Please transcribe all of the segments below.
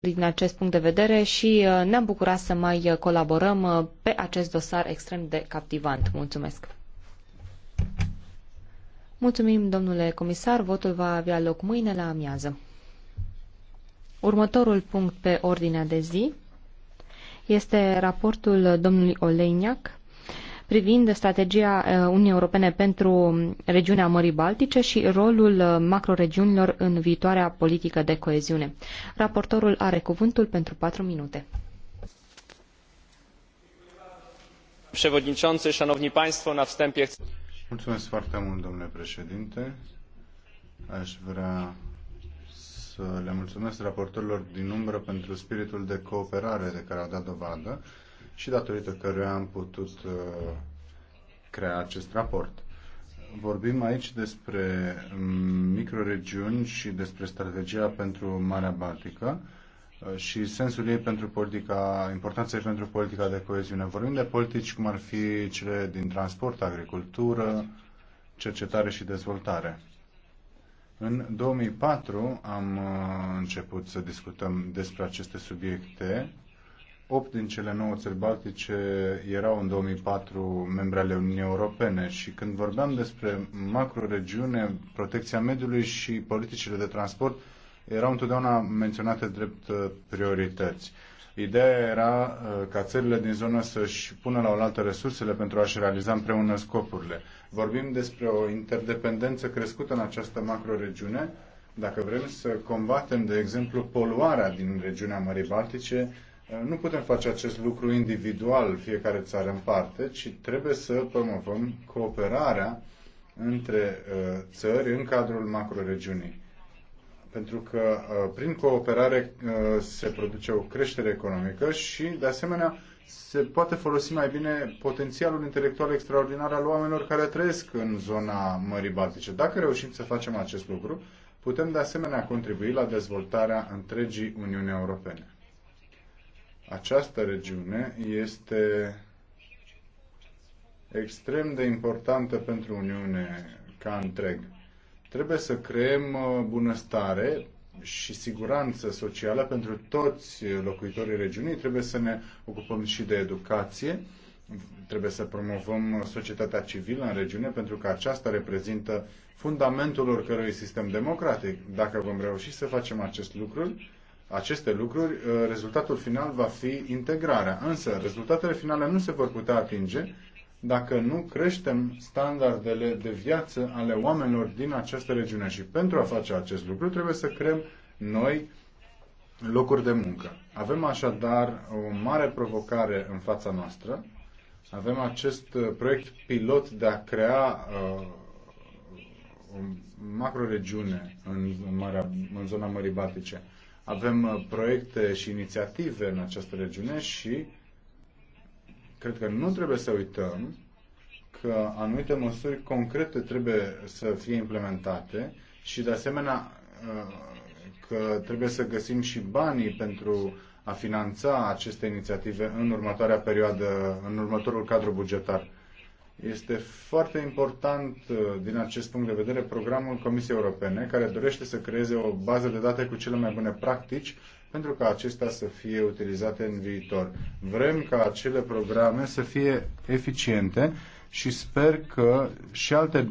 din acest punct de vedere și uh, ne-am bucurat să mai uh, colaborăm uh, pe acest dosar extrem de captivant. Mulțumesc! Mulțumim, domnule comisar. Votul va avea loc mâine la amiază. Următorul punct pe ordinea de zi este raportul domnului Oleniac privind strategia uh, Uniunii Europene pentru regiunea Mării Baltice și rolul uh, macroregiunilor în viitoarea politică de coeziune. Raportorul are cuvântul pentru 4 minute. Przewodniczący, Szanowni Państwo, na wstępie chcę... Mulțumesc foarte mult, domnule președinte. Aș vrea să le mulțumesc raportorilor din umbră pentru spiritul de cooperare de care au dat dovadă și datorită căruia am putut uh, crea acest raport. Vorbim aici despre mm, microregiuni și despre strategia pentru Marea Baltică uh, și sensul ei pentru politica, importanța ei pentru politica de coeziune. Vorbim de politici cum ar fi cele din transport, agricultură, cercetare și dezvoltare. În 2004 am uh, început să discutăm despre aceste subiecte 8 din cele 9 țări baltice erau în 2004 membre ale Uniunii Europene și când vorbeam despre macroregiune, protecția mediului și politicile de transport erau întotdeauna menționate drept uh, priorități. Ideea era uh, ca țările din zonă să-și pună la oaltă resursele pentru a-și realiza împreună scopurile. Vorbim despre o interdependență crescută în această macroregiune. Dacă vrem să combatem, de exemplu, poluarea din regiunea Mării Baltice, nu putem face acest lucru individual, fiecare țară în parte, ci trebuie să promovăm cooperarea între uh, țări în cadrul macroregiunii. Pentru că uh, prin cooperare uh, se produce o creștere economică și, de asemenea, se poate folosi mai bine potențialul intelectual extraordinar al oamenilor care trăiesc în zona Mării Baltice. Dacă reușim să facem acest lucru, putem de asemenea contribui la dezvoltarea întregii Uniuni Europene. Această regiune este extrem de importantă pentru Uniune ca întreg. Trebuie să creăm uh, bunăstare și siguranță socială pentru toți locuitorii regiunii. Trebuie să ne ocupăm și de educație. Trebuie să promovăm societatea civilă în regiune pentru că aceasta reprezintă fundamentul oricărui sistem democratic. Dacă vom reuși să facem acest lucru, aceste lucruri, uh, rezultatul final va fi integrarea. Însă, rezultatele finale nu se vor putea atinge dacă nu creștem standardele de viață ale oamenilor din această regiune. Și pentru a face acest lucru trebuie să creăm noi locuri de muncă. Avem așadar o mare provocare în fața noastră. Avem acest uh, proiect pilot de a crea uh, o macroregiune în, în, în zona Mării Baltice. Avem uh, proiecte și inițiative în această regiune și cred că nu trebuie să uităm că anumite măsuri concrete trebuie să fie implementate și de asemenea uh, că trebuie să găsim și banii pentru a finanța aceste inițiative în următoarea perioadă, în următorul cadru bugetar. Este foarte important uh, din acest punct de vedere programul Comisiei Europene, care dorește să creeze o bază de date cu cele mai bune practici pentru ca acestea să fie utilizate în viitor. Vrem ca acele programe să fie eficiente și sper că și alte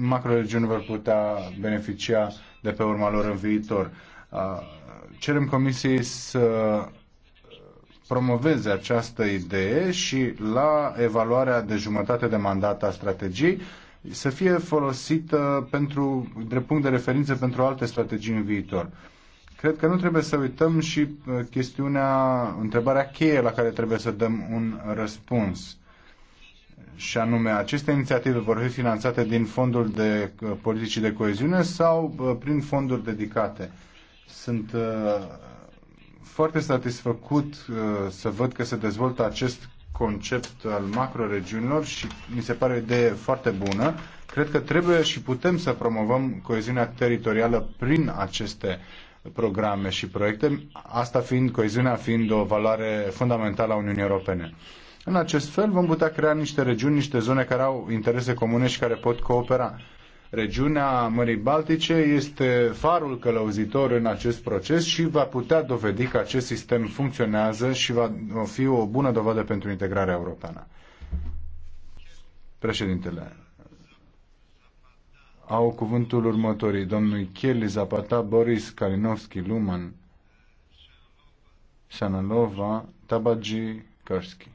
macroregiuni vor putea beneficia de pe urma lor în viitor. Uh, cerem Comisiei să promoveze această idee și la evaluarea de jumătate de mandat a strategiei să fie folosită pentru, de punct de referință pentru alte strategii în viitor. Cred că nu trebuie să uităm și uh, chestiunea, întrebarea cheie la care trebuie să dăm un răspuns. Și anume, aceste inițiative vor fi finanțate din fondul de uh, politici de coeziune sau uh, prin fonduri dedicate. Sunt foarte satisfăcut uh, să văd că se dezvoltă acest concept al macroregiunilor și mi se pare o idee foarte bună. Cred că trebuie și putem să promovăm coeziunea teritorială prin aceste programe și proiecte, asta fiind coeziunea fiind o valoare fundamentală a Uniunii Europene. În acest fel vom putea crea niște regiuni, niște zone care au interese comune și care pot coopera. Regiunea Mării Baltice este farul călăuzitor în acest proces și va putea dovedi că acest sistem funcționează și va fi o bună dovadă pentru integrarea europeană. Președintele, au cuvântul următorii, domnul Kelly Zapata, Boris Kalinowski, Luman, Sanalova, Tabagi, Karski.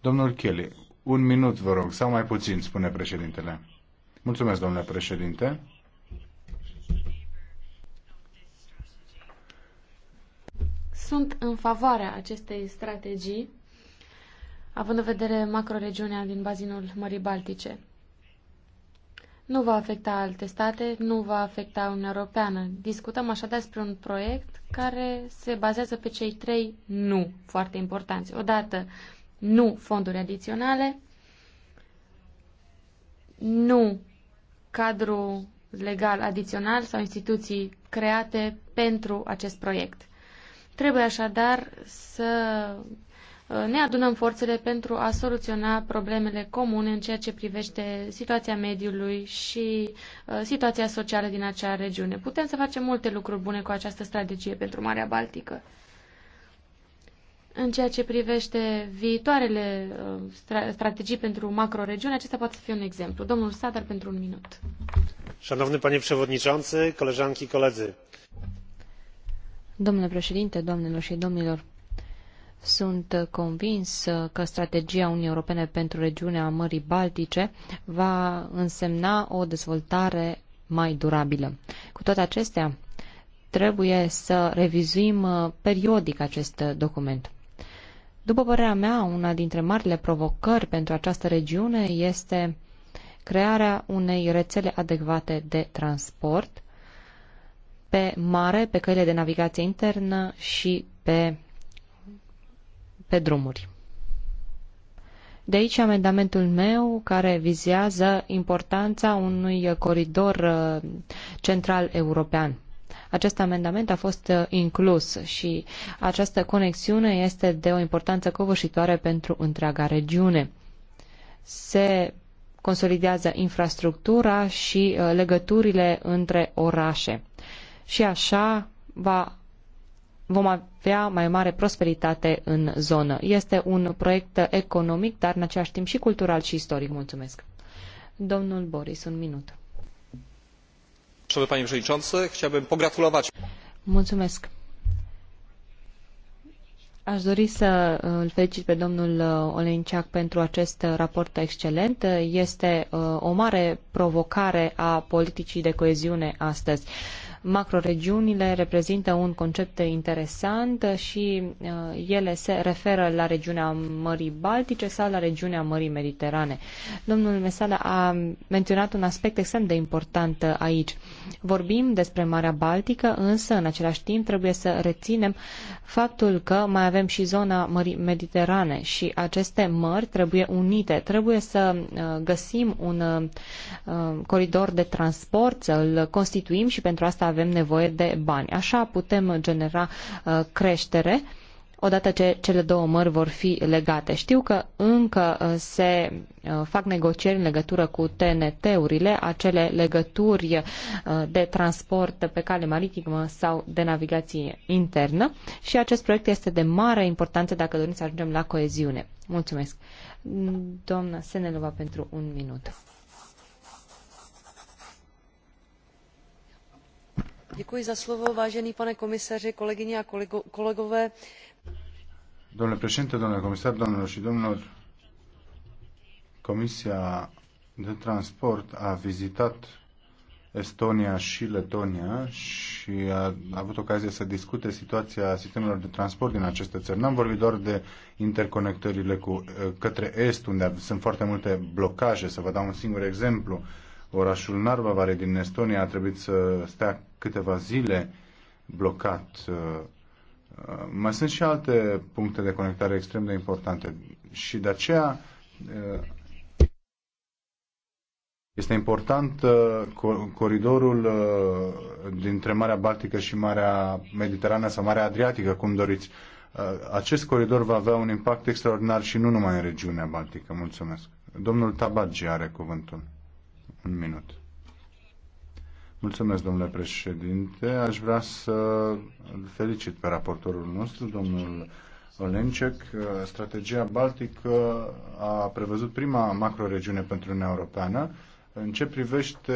Domnul Kelly, un minut, vă rog, sau mai puțin, spune președintele. Mulțumesc, domnule președinte. Sunt în favoarea acestei strategii, având în vedere macroregiunea din bazinul Mării Baltice. Nu va afecta alte state, nu va afecta Uniunea Europeană. Discutăm așadar despre un proiect care se bazează pe cei trei nu foarte importanți. Odată, nu fonduri adiționale, nu cadru legal adițional sau instituții create pentru acest proiect. Trebuie așadar să uh, ne adunăm forțele pentru a soluționa problemele comune în ceea ce privește situația mediului și uh, situația socială din acea regiune. Putem să facem multe lucruri bune cu această strategie pentru Marea Baltică. În ceea ce privește viitoarele uh, stra strategii pentru macroregiune, acesta poate fi un exemplu. Domnul Sadar, pentru un minut. Szanowny panie przewodniczący, koleżanki, koledzy. Domnule președinte, doamnelor și domnilor, sunt convins că strategia Uniunii Europene pentru regiunea Mării Baltice va însemna o dezvoltare mai durabilă. Cu toate acestea, trebuie să revizuim periodic acest document. După părerea mea, una dintre marile provocări pentru această regiune este crearea unei rețele adecvate de transport pe mare, pe căile de navigație internă și pe, pe drumuri. De aici amendamentul meu care vizează importanța unui coridor uh, central european. Acest amendament a fost uh, inclus și această conexiune este de o importanță covârșitoare pentru întreaga regiune. Se consolidează infrastructura și uh, legăturile între orașe. Și așa va vom avea mai mare prosperitate în zonă. Este un proiect economic, dar în același timp și cultural și istoric. Mulțumesc. Domnul Boris, un minut panie przewodniczący! chciałbym pogratulować. Mulțumesc. Aș dori să uh, îl felicit pe domnul uh, Olenciac pentru acest uh, raport excelent. Este o mare provocare a politicii de coeziune astăzi. Macroregiunile reprezintă un concept interesant și uh, ele se referă la regiunea Mării Baltice sau la regiunea Mării Mediterane. Domnul Mesala a menționat un aspect extrem de important aici. Vorbim despre Marea Baltică, însă în același timp trebuie să reținem faptul că mai avem și zona Mării Mediterane și aceste mări trebuie unite. Trebuie să uh, găsim un uh, coridor de transport, să l constituim și pentru asta avem avem nevoie de bani. Așa putem genera uh, creștere odată ce cele două mări vor fi legate. Știu că încă uh, se uh, fac negocieri în legătură cu TNT-urile, acele legături de transport pe cale maritimă sau de navigație internă și acest proiect este de mare importanță dacă dorim să ajungem la coeziune. Mulțumesc. Doamna Senelova pentru un minut. vážený pane komisaři kolegyně a kolegové domnule președinte domnule comisar doamnelor și domnilor comisia de transport a vizitat Estonia și Letonia și a avut ocazia să discute situația sistemelor de transport din aceste țări. N-am vorbit doar de interconectările cu, către est, unde sunt foarte multe blocaje. Să vă dau un singur exemplu. Orașul Narva Vare din Estonia a trebuit să stea câteva zile blocat. Uh, uh, mai sunt și alte puncte de conectare extrem de importante și de aceea uh, este important coridorul dintre Marea Baltică și Marea Mediterană sau Marea Adriatică, cum doriți. Acest coridor va avea un impact extraordinar și nu numai în regiunea Baltică. Mulțumesc. Domnul Tabagi are cuvântul. Un minut. Mulțumesc, domnule președinte. Aș vrea să îl felicit pe raportorul nostru, domnul Olencec. Strategia Baltică a prevăzut prima macroregiune pentru Uniunea Europeană. În ce privește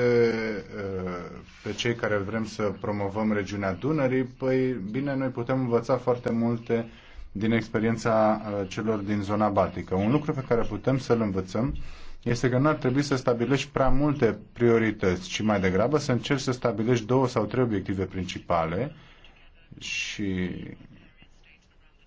uh, pe cei care vrem să promovăm regiunea Dunării, păi bine, noi putem învăța foarte multe din experiența uh, celor din zona Baltică. Un lucru pe care putem să-l învățăm este că nu ar trebui să stabilești prea multe priorități, ci mai degrabă să încerci să stabilești două sau trei obiective principale și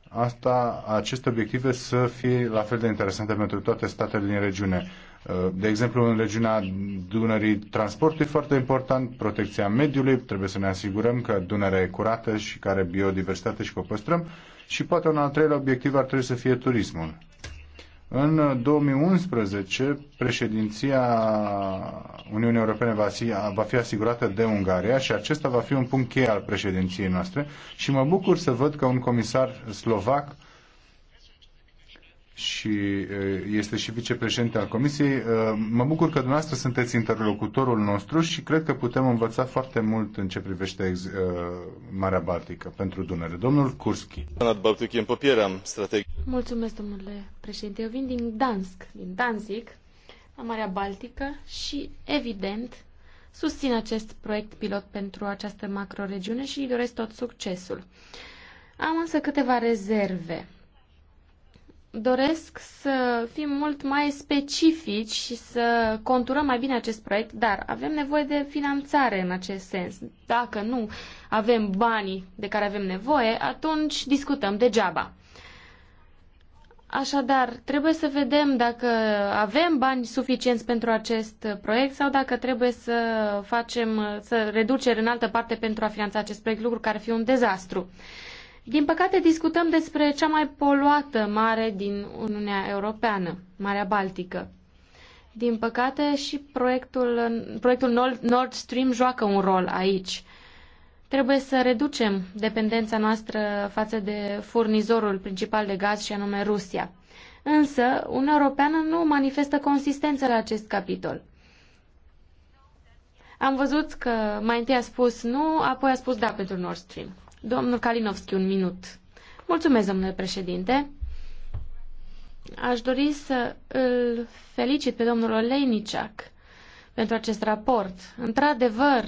asta, aceste obiective să fie la fel de interesante pentru toate statele din regiune. Uh, de exemplu, în regiunea Dunării, transportul e foarte important, protecția mediului, trebuie să ne asigurăm că Dunărea e curată și care biodiversitate și că o păstrăm. Și poate un al treilea obiectiv ar trebui să fie turismul. În 2011, președinția Uniunii Europene va fi, va fi asigurată de Ungaria și acesta va fi un punct cheie al președinției noastre și mă bucur să văd că un comisar slovac și este și vicepreședinte al Comisiei. Mă bucur că dumneavoastră sunteți interlocutorul nostru și cred că putem învăța foarte mult în ce privește Marea Baltică pentru Dunăre. Domnul Kurski. strategia. Mulțumesc, domnule președinte. Eu vin din Dansk, din Danzig, la Marea Baltică și, evident, susțin acest proiect pilot pentru această macroregiune și îi doresc tot succesul. Am însă câteva rezerve. Doresc să fim mult mai specifici și să conturăm mai bine acest proiect, dar avem nevoie de finanțare în acest sens. Dacă nu avem banii de care avem nevoie, atunci discutăm degeaba. Așadar, trebuie să vedem dacă avem bani suficienți pentru acest proiect sau dacă trebuie să facem, să reducem în altă parte pentru a finanța acest proiect, lucru care ar fi un dezastru. Din păcate, discutăm despre cea mai poluată mare din Uniunea Europeană, Marea Baltică. Din păcate, și proiectul, proiectul Nord Stream joacă un rol aici. Trebuie să reducem dependența noastră față de furnizorul principal de gaz și anume Rusia. Însă, Uniunea Europeană nu manifestă consistență la acest capitol. Am văzut că mai întâi a spus nu, apoi a spus da pentru Nord Stream. Domnul Kalinowski, un minut. Mulțumesc, domnule președinte. Aș dori să îl felicit pe domnul Olejniciak pentru acest raport. Într-adevăr,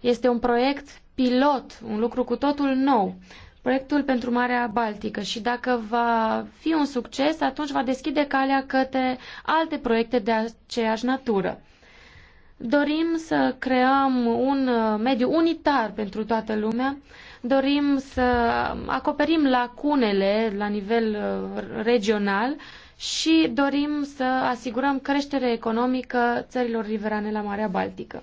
este un proiect pilot, un lucru cu totul nou, proiectul pentru Marea Baltică și dacă va fi un succes, atunci va deschide calea către alte proiecte de aceeași natură. Dorim să creăm un uh, mediu unitar pentru toată lumea, dorim să acoperim lacunele la nivel uh, regional și dorim să asigurăm creștere economică țărilor riverane la Marea Baltică.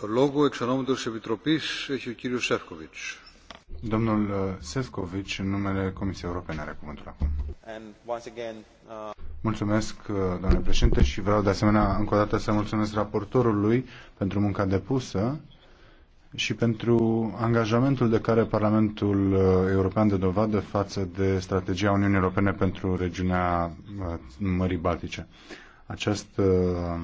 Το λόγο Domnul Sefcovic, în numele Comisiei Europene, are cuvântul acum. Uh, mulțumesc, uh, domnule președinte, și vreau de asemenea încă o dată să mulțumesc raportorului pentru munca depusă și pentru angajamentul de care Parlamentul uh, European de dovadă față de strategia Uniunii Europene pentru regiunea Mării Baltice. Această uh,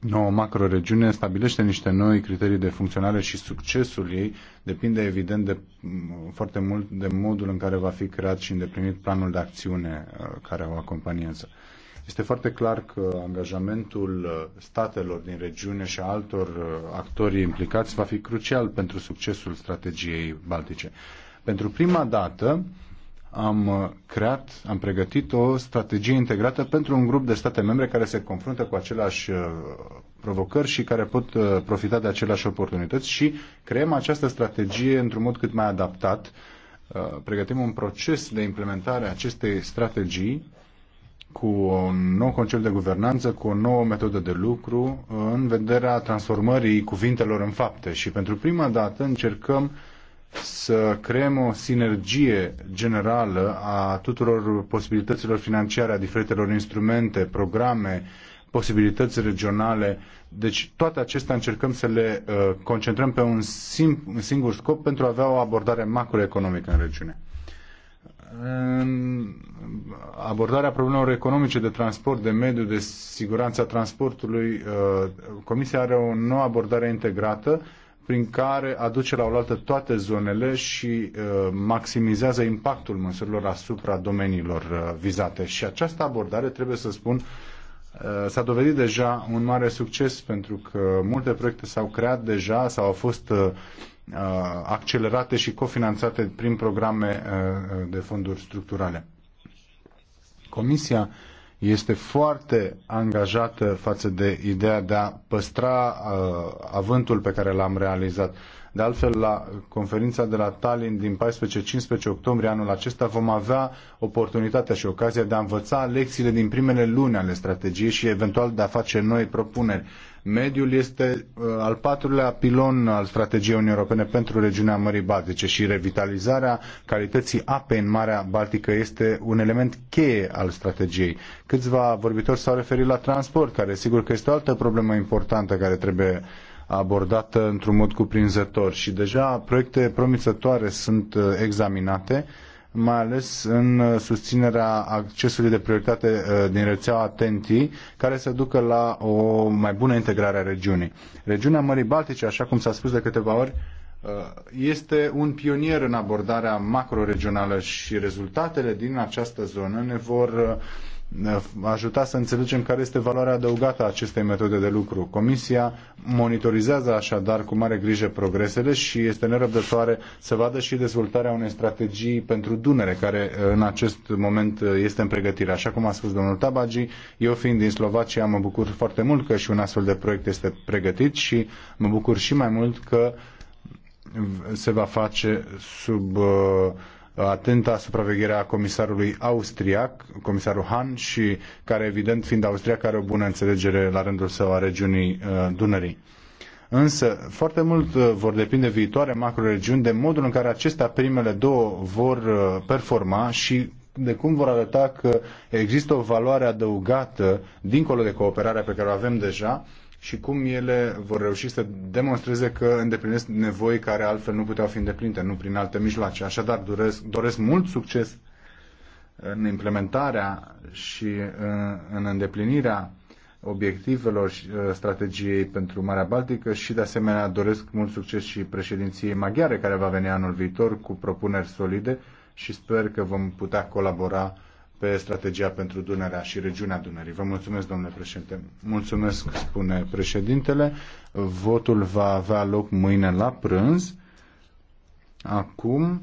nouă macroregiune stabilește niște noi criterii de funcționare și succesul ei depinde evident de, mm, foarte mult de modul în care va fi creat și îndeplinit planul de acțiune uh, care o acompaniază. Este foarte clar că angajamentul uh, statelor din regiune și a altor uh, actori implicați va fi crucial pentru succesul strategiei baltice. Pentru prima dată, am uh, creat, am pregătit o strategie integrată pentru un grup de state membre care se confruntă cu aceleași uh, provocări și care pot uh, profita de aceleași oportunități și creăm această strategie într-un mod cât mai adaptat. Pregătim un proces de implementare a acestei strategii cu un nou concept de guvernanță, cu o nouă metodă de lucru, în vederea transformării cuvintelor în fapte. Și pentru prima dată încercăm uh, să creăm o sinergie generală a tuturor posibilităților financiare, a diferitelor instrumente, programe, posibilități regionale. Deci toate acestea încercăm să le uh, concentrăm pe un, sim, un singur scop pentru a avea o abordare macroeconomică în regiune. În abordarea problemelor economice de transport, de mediu, de siguranța transportului, uh, Comisia are o nouă abordare integrată prin care aduce la oaltă toate zonele și uh, maximizează impactul măsurilor asupra domeniilor uh, vizate. Și această abordare, trebuie să spun, uh, s-a dovedit deja un mare succes pentru că multe proiecte s-au creat deja sau au fost uh, uh, accelerate și cofinanțate prin programe uh, de fonduri structurale. Comisia uh, este foarte angajată față de ideea de a păstra uh, avântul pe care l-am realizat. De altfel, la conferința de la Tallinn din 14-15 octombrie anul acesta vom avea oportunitatea și ocazia de a învăța lecțiile din primele luni ale strategiei și eventual de a face noi propuneri. Mediul este uh, al patrulea pilon al strategiei Uniunii Europene pentru regiunea Mării Baltice și revitalizarea calității apei în Marea Baltică este un element cheie al strategiei. Câțiva vorbitori s-au referit la transport, care sigur că este o altă problemă importantă care trebuie abordată într-un mod cuprinzător și deja proiecte promițătoare sunt uh, examinate, mai ales în uh, susținerea accesului de prioritate uh, din rețeaua TENTI, care să ducă la o mai bună integrare a regiunii. Regiunea Mării Baltice, așa cum s-a spus de câteva ori, este un pionier în abordarea macroregională și rezultatele din această zonă ne vor ajuta să înțelegem care este valoarea adăugată a acestei metode de lucru. Comisia monitorizează așadar cu mare grijă progresele și este nerăbdătoare să vadă și dezvoltarea unei strategii pentru Dunăre, care uh, în acest moment uh, este în pregătire. Așa cum a spus domnul Tabagi, eu fiind din Slovacia mă bucur foarte mult că și un astfel de proiect este pregătit și mă bucur și mai mult că se va face sub uh, atenta a comisarului austriac, comisarul Han, și care, evident, fiind austriac, are o bună înțelegere la rândul său a regiunii uh, Dunării. Însă, foarte mult uh, vor depinde viitoare macroregiuni de modul în care acestea, primele două, vor uh, performa și de cum vor arăta că există o valoare adăugată, dincolo de cooperarea pe care o avem deja, și cum ele vor reuși să demonstreze că îndeplinesc nevoi care altfel nu puteau fi îndeplinite, nu prin alte mijloace. Așadar, doresc, doresc mult succes în implementarea și în îndeplinirea obiectivelor și uh, strategiei pentru Marea Baltică și, de asemenea, doresc mult succes și președinției maghiare care va veni anul viitor cu propuneri solide și sper că vom putea colabora pe strategia pentru Dunărea și regiunea Dunării. Vă mulțumesc, domnule președinte. Mulțumesc, spune președintele. Votul va avea loc mâine la prânz. Acum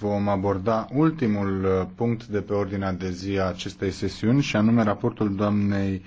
vom aborda ultimul uh, punct de pe ordinea de zi a acestei sesiuni și anume raportul doamnei